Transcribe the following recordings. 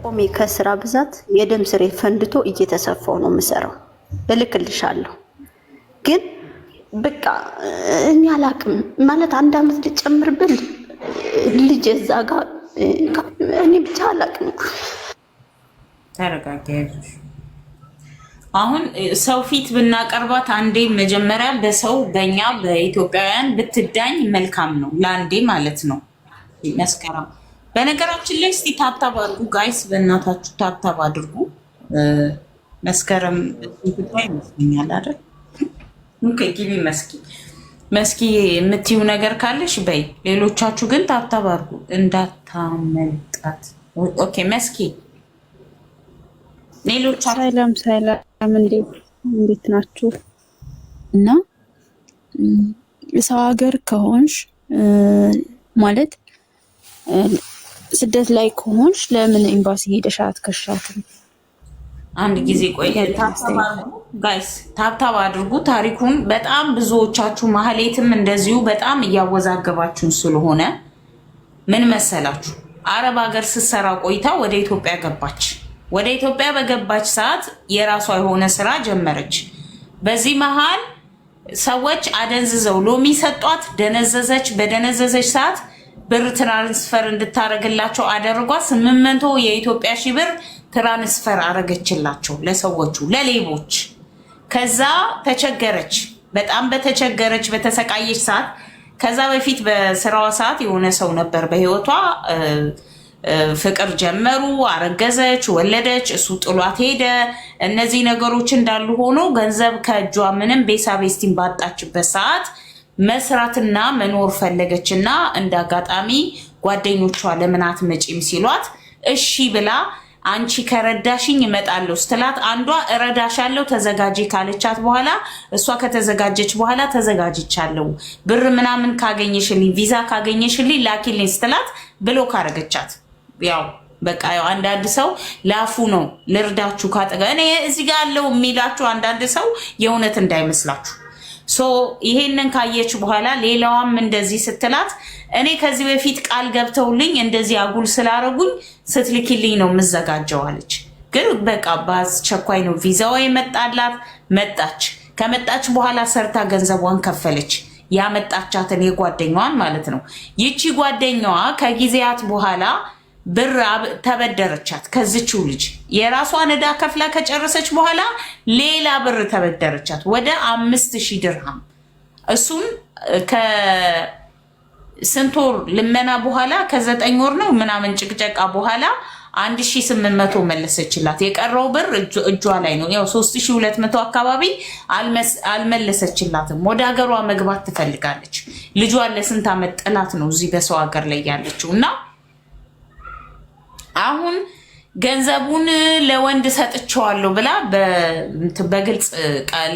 ቆሜ ከስራ ብዛት የደም ስሬ ፈንድቶ እየተሰፋው ነው የምሰራው። እልክልሻለሁ ግን በቃ እኔ አላቅም ማለት አንድ አመት ብል ልጅ እዛ ጋር እኔ ብቻ አላቅም። ተረጋጊ። አሁን ሰው ፊት ብናቀርባት አንዴ መጀመሪያ በሰው በእኛ በኢትዮጵያውያን ብትዳኝ መልካም ነው። ለአንዴ ማለት ነው መስከረም በነገራችን ላይ እስቲ ታብታብ አድርጉ ጋይስ፣ በእናታችሁ ታብታብ አድርጉ። መስከረም ጉዳይ ይመስለኛል አይደል? ጊቢ መስኪ መስኪ የምትይው ነገር ካለሽ በይ። ሌሎቻችሁ ግን ታብታብ አድርጉ እንዳታመልጣት። ኦኬ መስኪ፣ ሌሎቻችሁ ሰላም ሰላም፣ እንዴት ናችሁ? እና ሰው ሀገር ከሆንሽ ማለት ስደት ላይ ከሆንሽ ለምን ኤምባሲ ሄደሽ አትከሻትም? አንድ ጊዜ ቆይ፣ ጋይስ ታብታብ አድርጉ። ታሪኩን በጣም ብዙዎቻችሁ ማህሌትም እንደዚሁ በጣም እያወዛገባችሁን ስለሆነ ምን መሰላችሁ፣ አረብ ሀገር ስትሰራ ቆይታ ወደ ኢትዮጵያ ገባች። ወደ ኢትዮጵያ በገባች ሰዓት የራሷ የሆነ ስራ ጀመረች። በዚህ መሀል ሰዎች አደንዝዘው ሎሚ ሰጧት፣ ደነዘዘች። በደነዘዘች ሰዓት ብር ትራንስፈር እንድታደርግላቸው አደርጓ። ስምንት መቶ የኢትዮጵያ ሺህ ብር ትራንስፈር አረገችላቸው ለሰዎቹ ለሌቦች። ከዛ ተቸገረች፣ በጣም በተቸገረች በተሰቃየች ሰዓት ከዛ በፊት በስራዋ ሰዓት የሆነ ሰው ነበር በህይወቷ ፍቅር ጀመሩ፣ አረገዘች፣ ወለደች፣ እሱ ጥሏት ሄደ። እነዚህ ነገሮች እንዳሉ ሆኖ ገንዘብ ከእጇ ምንም ቤሳ ቤስቲን ባጣችበት ሰዓት መስራትና መኖር ፈለገች እና እንደ አጋጣሚ ጓደኞቿ ለምናት መጪም ሲሏት እሺ ብላ አንቺ ከረዳሽኝ እመጣለሁ ስትላት አንዷ እረዳሻለሁ ተዘጋጂ ካለቻት በኋላ እሷ ከተዘጋጀች በኋላ ተዘጋጅቻለሁ ብር ምናምን ካገኘሽልኝ ቪዛ ካገኘሽልኝ ላኪልኝ ስትላት ብሎ ካረገቻት ያው በቃ ያው አንዳንድ ሰው ላፉ ነው ልርዳችሁ ካጠገ እኔ እዚህ ጋር አለው የሚላችሁ አንዳንድ ሰው የእውነት እንዳይመስላችሁ ሶ ይሄንን ካየች በኋላ ሌላዋም እንደዚህ ስትላት እኔ ከዚህ በፊት ቃል ገብተውልኝ እንደዚህ አጉል ስላረጉኝ ስትልኪልኝ ነው የምዘጋጀው አለች። ግን በቃ በአስቸኳይ ነው ቪዛዋ የመጣላት። መጣች። ከመጣች በኋላ ሰርታ ገንዘቧን ከፈለች። ያመጣቻትን የጓደኛዋን ማለት ነው። ይቺ ጓደኛዋ ከጊዜያት በኋላ ብር ተበደረቻት ከዝችው ልጅ የራሷን ዕዳ ከፍላ ከጨረሰች በኋላ ሌላ ብር ተበደረቻት ወደ አምስት ሺህ ድርሃም እሱም ከስንት ወር ልመና በኋላ ከዘጠኝ ወር ነው ምናምን ጭቅጨቃ በኋላ አንድ ሺህ ስምንት መቶ መለሰችላት። የቀረው ብር እጇ ላይ ነው። ያው ሶስት ሺህ ሁለት መቶ አካባቢ አልመለሰችላትም። ወደ ሀገሯ መግባት ትፈልጋለች። ልጇን ለስንት ዓመት ጥላት ነው እዚህ በሰው ሀገር ላይ ያለችው እና አሁን ገንዘቡን ለወንድ ሰጥቼዋለሁ ብላ በግልጽ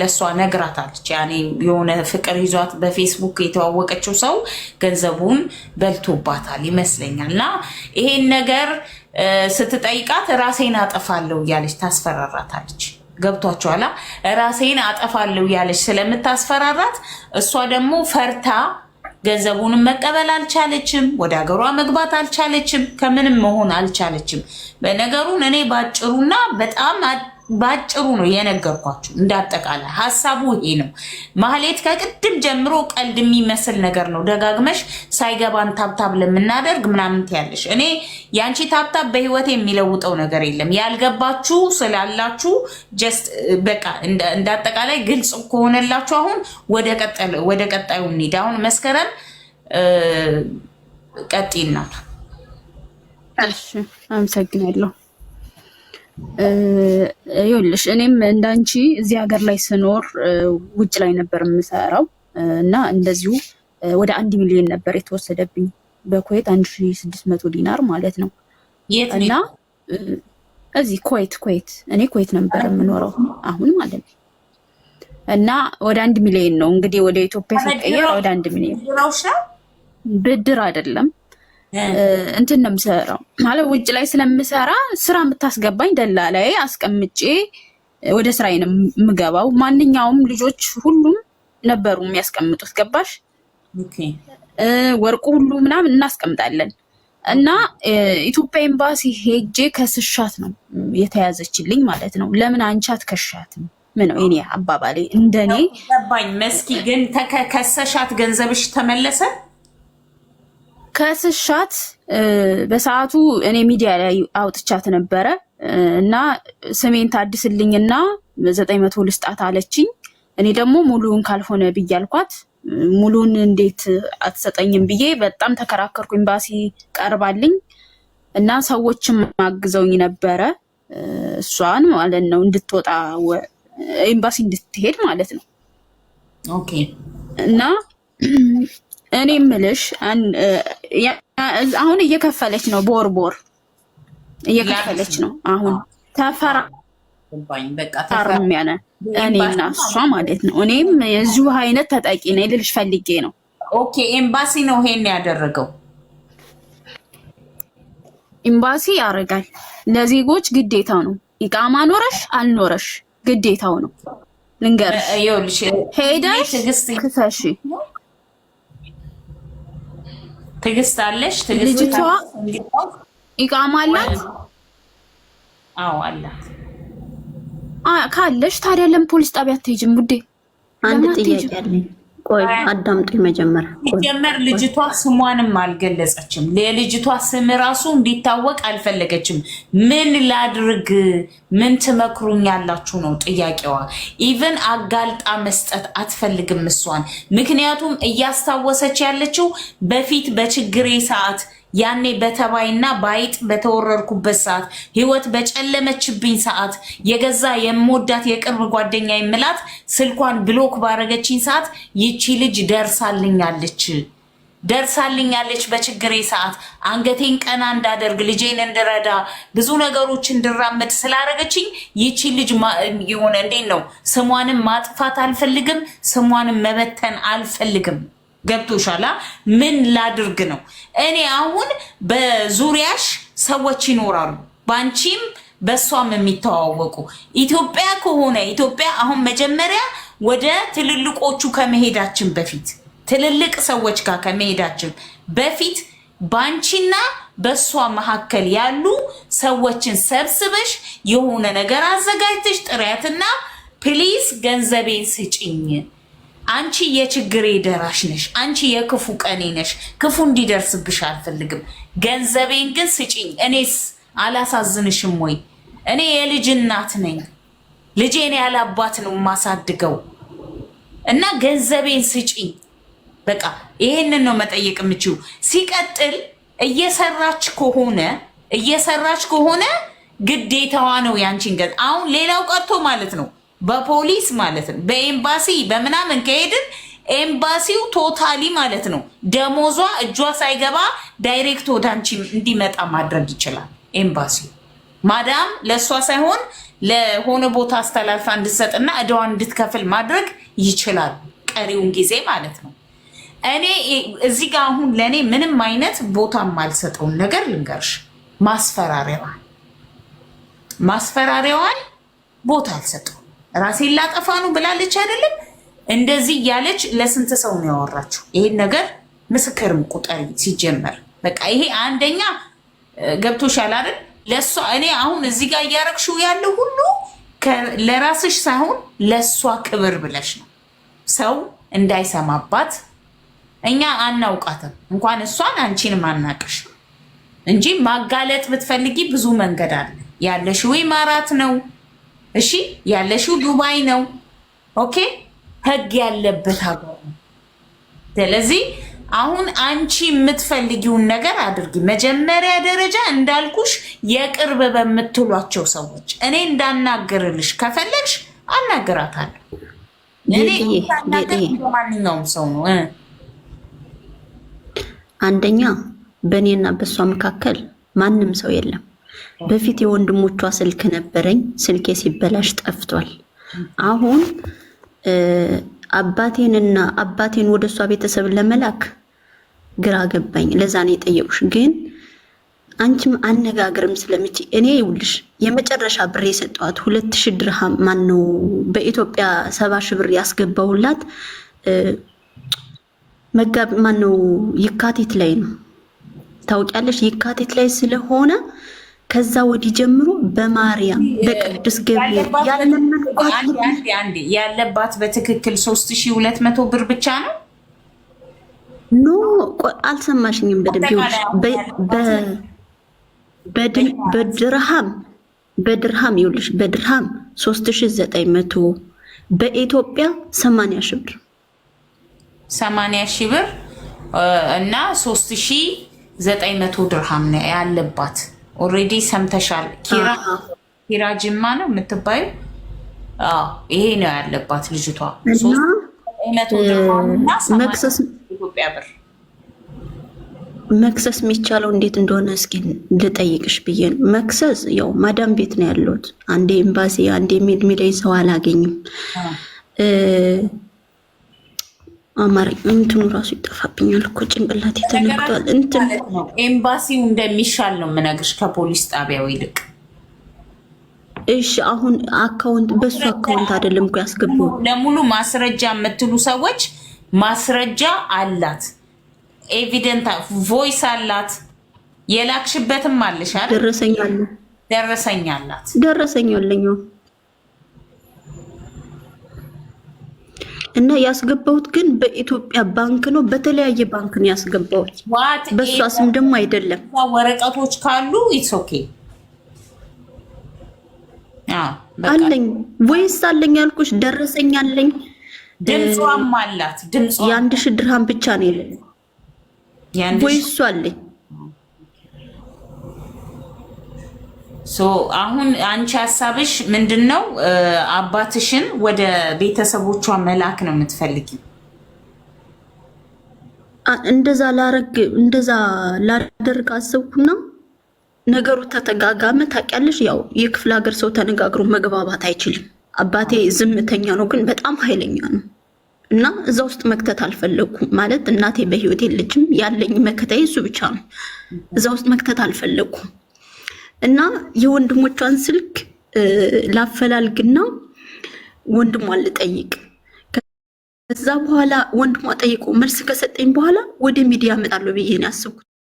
ለእሷ ነግራታለች። ያኔ የሆነ ፍቅር ይዟት በፌስቡክ የተዋወቀችው ሰው ገንዘቡን በልቶባታል ይመስለኛል። እና ይሄን ነገር ስትጠይቃት ራሴን አጠፋለሁ እያለች ታስፈራራታለች። ገብቷቸኋላ ራሴን አጠፋለሁ እያለች ስለምታስፈራራት እሷ ደግሞ ፈርታ ገንዘቡንም መቀበል አልቻለችም። ወደ ሀገሯ መግባት አልቻለችም። ከምንም መሆን አልቻለችም። በነገሩን እኔ ባጭሩና በጣም ባጭሩ ነው የነገርኳችሁ። እንዳጠቃላይ ሀሳቡ ይሄ ነው። ማህሌት ከቅድም ጀምሮ ቀልድ የሚመስል ነገር ነው። ደጋግመሽ ሳይገባን ታብታብ ለምናደርግ ምናምን ትያለሽ። እኔ ያንቺ ታብታብ በህይወት የሚለውጠው ነገር የለም። ያልገባችሁ ስላላችሁ ጀስት በቃ እንዳጠቃላይ ግልጽ ከሆነላችሁ አሁን ወደ ቀጣዩ እንሂድ። አሁን መስከረም ቀጢና እሺ አመሰግናለሁ። ይኸውልሽ እኔም እንዳንቺ እዚህ ሀገር ላይ ስኖር ውጭ ላይ ነበር የምሰራው እና እንደዚሁ ወደ አንድ ሚሊዮን ነበር የተወሰደብኝ በኩዌት አንድ ሺ ስድስት መቶ ዲናር ማለት ነው። እና እዚህ ኩዌት ኩዌት እኔ ኩዌት ነበር የምኖረው አሁን ማለት ነው። እና ወደ አንድ ሚሊዮን ነው እንግዲህ ወደ ኢትዮጵያ ሲቀየር ወደ አንድ ሚሊዮን ብድር አይደለም እንትን ነው የምሰራው ማለት ውጭ ላይ ስለምሰራ ስራ የምታስገባኝ ደላ ላይ አስቀምጬ ወደ ስራዬ ነው የምገባው። ማንኛውም ልጆች ሁሉም ነበሩ የሚያስቀምጡት ገባሽ? ወርቁ ሁሉ ምናምን እናስቀምጣለን እና ኢትዮጵያ ኤምባሲ ሄጄ ከስሻት ነው የተያዘችልኝ ማለት ነው። ለምን አንቻት አትከሻትም? ምነው የእኔ አባባሌ እንደኔ ባኝ መስኪ ግን ከሰሻት ገንዘብሽ ተመለሰ? ከስሻት በሰዓቱ እኔ ሚዲያ ላይ አውጥቻት ነበረ እና ስሜን ታድስልኝና ዘጠኝ መቶ ልስጣት አለችኝ። እኔ ደግሞ ሙሉውን ካልሆነ ብዬ አልኳት። ሙሉን እንዴት አትሰጠኝም ብዬ በጣም ተከራከርኩ። ኤምባሲ ቀርባልኝ እና ሰዎችም አግዘውኝ ነበረ እሷን ማለት ነው እንድትወጣ ኤምባሲ እንድትሄድ ማለት ነው እና እኔ ምልሽ አሁን እየከፈለች ነው፣ ቦር ቦር እየከፈለች ነው። አሁን ተፈራ ተፈራርም ያለ እኔና እሷ ማለት ነው። እኔም የዚሁ አይነት ተጠቂ ነኝ ልልሽ ፈልጌ ነው። ኦኬ ኤምባሲ ነው ይሄን ያደረገው። ኤምባሲ ያደርጋል ለዜጎች ግዴታው ነው። ይቃማ ኖረሽ አልኖረሽ ግዴታው ነው። ልንገርሽ ሄደሽ ክሰሺ ትዕግስት አለሽ? ልጅቷ ኢቃማ አላት? አዎ አላት። ካለሽ ታዲያ ለምን ፖሊስ ጣቢያ አትሄጂም? ውዴ አንድ ጥያቄ አለኝ። ቆይ አዳምጡ። መጀመር መጀመር ልጅቷ ስሟንም አልገለጸችም። ለልጅቷ ስም ራሱ እንዲታወቅ አልፈለገችም። ምን ላድርግ ምን ትመክሩኛላችሁ ነው ጥያቄዋ። ኢቨን አጋልጣ መስጠት አትፈልግም እሷን ምክንያቱም እያስታወሰች ያለችው በፊት በችግሬ ሰዓት ያኔ በተባይና በአይጥ በተወረርኩበት ሰዓት ህይወት በጨለመችብኝ ሰዓት የገዛ የምወዳት የቅርብ ጓደኛ የምላት ስልኳን ብሎክ ባረገችኝ ሰዓት ይቺ ልጅ ደርሳልኛለች ደርሳልኛለች በችግሬ ሰዓት አንገቴን ቀና እንዳደርግ ልጄን እንድረዳ ብዙ ነገሮች እንድራመድ ስላረገችኝ ይቺ ልጅ የሆነ እንዴት ነው ስሟንም ማጥፋት አልፈልግም፣ ስሟንም መበተን አልፈልግም። ገብቶሻላ? ምን ላድርግ ነው እኔ አሁን? በዙሪያሽ ሰዎች ይኖራሉ፣ ባንቺም በእሷም የሚተዋወቁ ኢትዮጵያ ከሆነ ኢትዮጵያ አሁን መጀመሪያ ወደ ትልልቆቹ ከመሄዳችን በፊት ትልልቅ ሰዎች ጋር ከመሄዳችን በፊት ባንቺና በእሷ መካከል ያሉ ሰዎችን ሰብስበሽ የሆነ ነገር አዘጋጅተሽ ጥሪያትና ፕሊዝ ገንዘቤን ስጭኝ አንቺ የችግሬ ደራሽ ነሽ። አንቺ የክፉ ቀኔ ነሽ። ክፉ እንዲደርስብሽ አልፈልግም። ገንዘቤን ግን ስጪኝ። እኔስ አላሳዝንሽም ወይ? እኔ የልጅ እናት ነኝ። ልጄን ያለ አባት ነው የማሳድገው እና ገንዘቤን ስጪኝ። በቃ ይሄንን ነው መጠየቅ የምችው። ሲቀጥል እየሰራች ከሆነ እየሰራች ከሆነ ግዴታዋ ነው ያንቺን ገ አሁን ሌላው ቀርቶ ማለት ነው በፖሊስ ማለት ነው፣ በኤምባሲ በምናምን ከሄድን ኤምባሲው ቶታሊ ማለት ነው ደሞዟ እጇ ሳይገባ ዳይሬክት ወደ አንቺ እንዲመጣ ማድረግ ይችላል። ኤምባሲው ማዳም ለእሷ ሳይሆን ለሆነ ቦታ አስተላልፋ እንድትሰጥና እዳዋን እንድትከፍል ማድረግ ይችላል። ቀሪውን ጊዜ ማለት ነው። እኔ እዚህ ጋ አሁን ለእኔ ምንም አይነት ቦታ የማልሰጠውን ነገር ልንገርሽ፣ ማስፈራሪያዋን ማስፈራሪያዋን ቦታ አልሰጠው ራሴን ላጠፋ ነው ብላለች አይደለም? እንደዚህ እያለች ለስንት ሰው ነው ያወራችው? ይሄን ነገር ምስክርም ቁጠሪ። ሲጀመር በቃ ይሄ አንደኛ ገብቶሻል አይደል? ለእሷ እኔ አሁን እዚህ ጋር እያረግሽው ያለው ሁሉ ለራስሽ ሳይሆን ለእሷ ክብር ብለሽ ነው። ሰው እንዳይሰማባት እኛ አናውቃትም፣ እንኳን እሷን አንቺንም አናቅሽ እንጂ ማጋለጥ ብትፈልጊ ብዙ መንገድ አለ ያለሽ ወይ ማራት ነው እሺ ያለሽው ዱባይ ነው። ኦኬ ህግ ያለበት ሀገር ነው። ስለዚህ አሁን አንቺ የምትፈልጊውን ነገር አድርጊ። መጀመሪያ ደረጃ እንዳልኩሽ የቅርብ በምትሏቸው ሰዎች እኔ እንዳናገርልሽ ከፈለግሽ አናግራታለሁ። ማንኛውም ሰው ነው። አንደኛ በእኔና በእሷ መካከል ማንም ሰው የለም። በፊት የወንድሞቿ ስልክ ነበረኝ። ስልኬ ሲበላሽ ጠፍቷል። አሁን አባቴንና አባቴን ወደ እሷ ቤተሰብ ለመላክ ግራ ገባኝ። ለዛ ነው የጠየቁሽ። ግን አንቺም አነጋገርም ስለምች እኔ ይውልሽ የመጨረሻ ብር የሰጠዋት ሁለት ሺ ድርሃም ማን ነው በኢትዮጵያ ሰባ ሺ ብር ያስገባውላት መጋቢ ማን ነው የካቲት ላይ ነው ታውቂያለሽ። የካቲት ላይ ስለሆነ ከዛ ወዲህ ጀምሮ በማርያም በቅዱስ ገብርኤል ያለባት በትክክል ሶስት ሺ ሁለት መቶ ብር ብቻ ነው። ኖ አልሰማሽኝም በደንብ በድርሃም በድርሃም ይኸውልሽ በድርሃም ሶስት ዘጠኝ መቶ በኢትዮጵያ ሰማንያ ሺ ብር ሰማንያ ሺ ብር እና ሶስት ዘጠኝ መቶ ድርሃም ነው ያለባት ኦሬዲ ሰምተሻል። ኪራ ጅማ ነው የምትባዩ። ይሄ ነው ያለባት ልጅቷ ኢትዮጵያ ብር መክሰስ የሚቻለው እንዴት እንደሆነ እስኪ ልጠይቅሽ ብዬ ነው። መክሰስ ያው ማዳም ቤት ነው ያለሁት። አንዴ ኤምባሲ፣ አንዴ የሚል ሰው አላገኝም። አማርኛ እንትኑ ራሱ ይጠፋብኛል እኮ ጭንቅላት የተነግቷል። እንትን ኤምባሲው እንደሚሻል ነው የምነግርሽ ከፖሊስ ጣቢያው ይልቅ። እሺ አሁን አካውንት በሱ አካውንት አይደለም እኮ ያስገቡ። ለሙሉ ማስረጃ የምትሉ ሰዎች ማስረጃ አላት፣ ኤቪደንት ቮይስ አላት፣ የላክሽበትም አለሻል። ደረሰኛለ ደረሰኛ አላት ደረሰኛለኛው እና ያስገባሁት ግን በኢትዮጵያ ባንክ ነው። በተለያየ ባንክ ነው ያስገባሁት። በእሷ ስም ደግሞ አይደለም። ወረቀቶች ካሉ ኢትስ ኦኬ አለኝ ወይስ አለኝ ያልኩሽ ደረሰኝ አለኝ። ድምጿም አላት። ድምጿ የአንድ ሺህ ድርሃም ብቻ ነው የለ ወይስ አለኝ አሁን አንቺ ሀሳብሽ ምንድን ነው? አባትሽን ወደ ቤተሰቦቿ መላክ ነው የምትፈልጊ? እንደዛ ላረግ እንደዛ ላደርግ አሰብኩና ነገሩ ተተጋጋመ። ታውቂያለሽ፣ ያው የክፍለ ሀገር ሰው ተነጋግሮ መግባባት አይችልም። አባቴ ዝምተኛ ነው፣ ግን በጣም ኃይለኛ ነው እና እዛ ውስጥ መክተት አልፈለኩም። ማለት እናቴ በህይወት የለችም፣ ያለኝ መከታዬ እሱ ብቻ ነው። እዛ ውስጥ መክተት አልፈለግኩም። እና የወንድሞቿን ስልክ ላፈላልግና ወንድሟን ልጠይቅ። ከዛ በኋላ ወንድሟ ጠይቆ መልስ ከሰጠኝ በኋላ ወደ ሚዲያ እመጣለሁ ብዬ ነው ያስብኩት።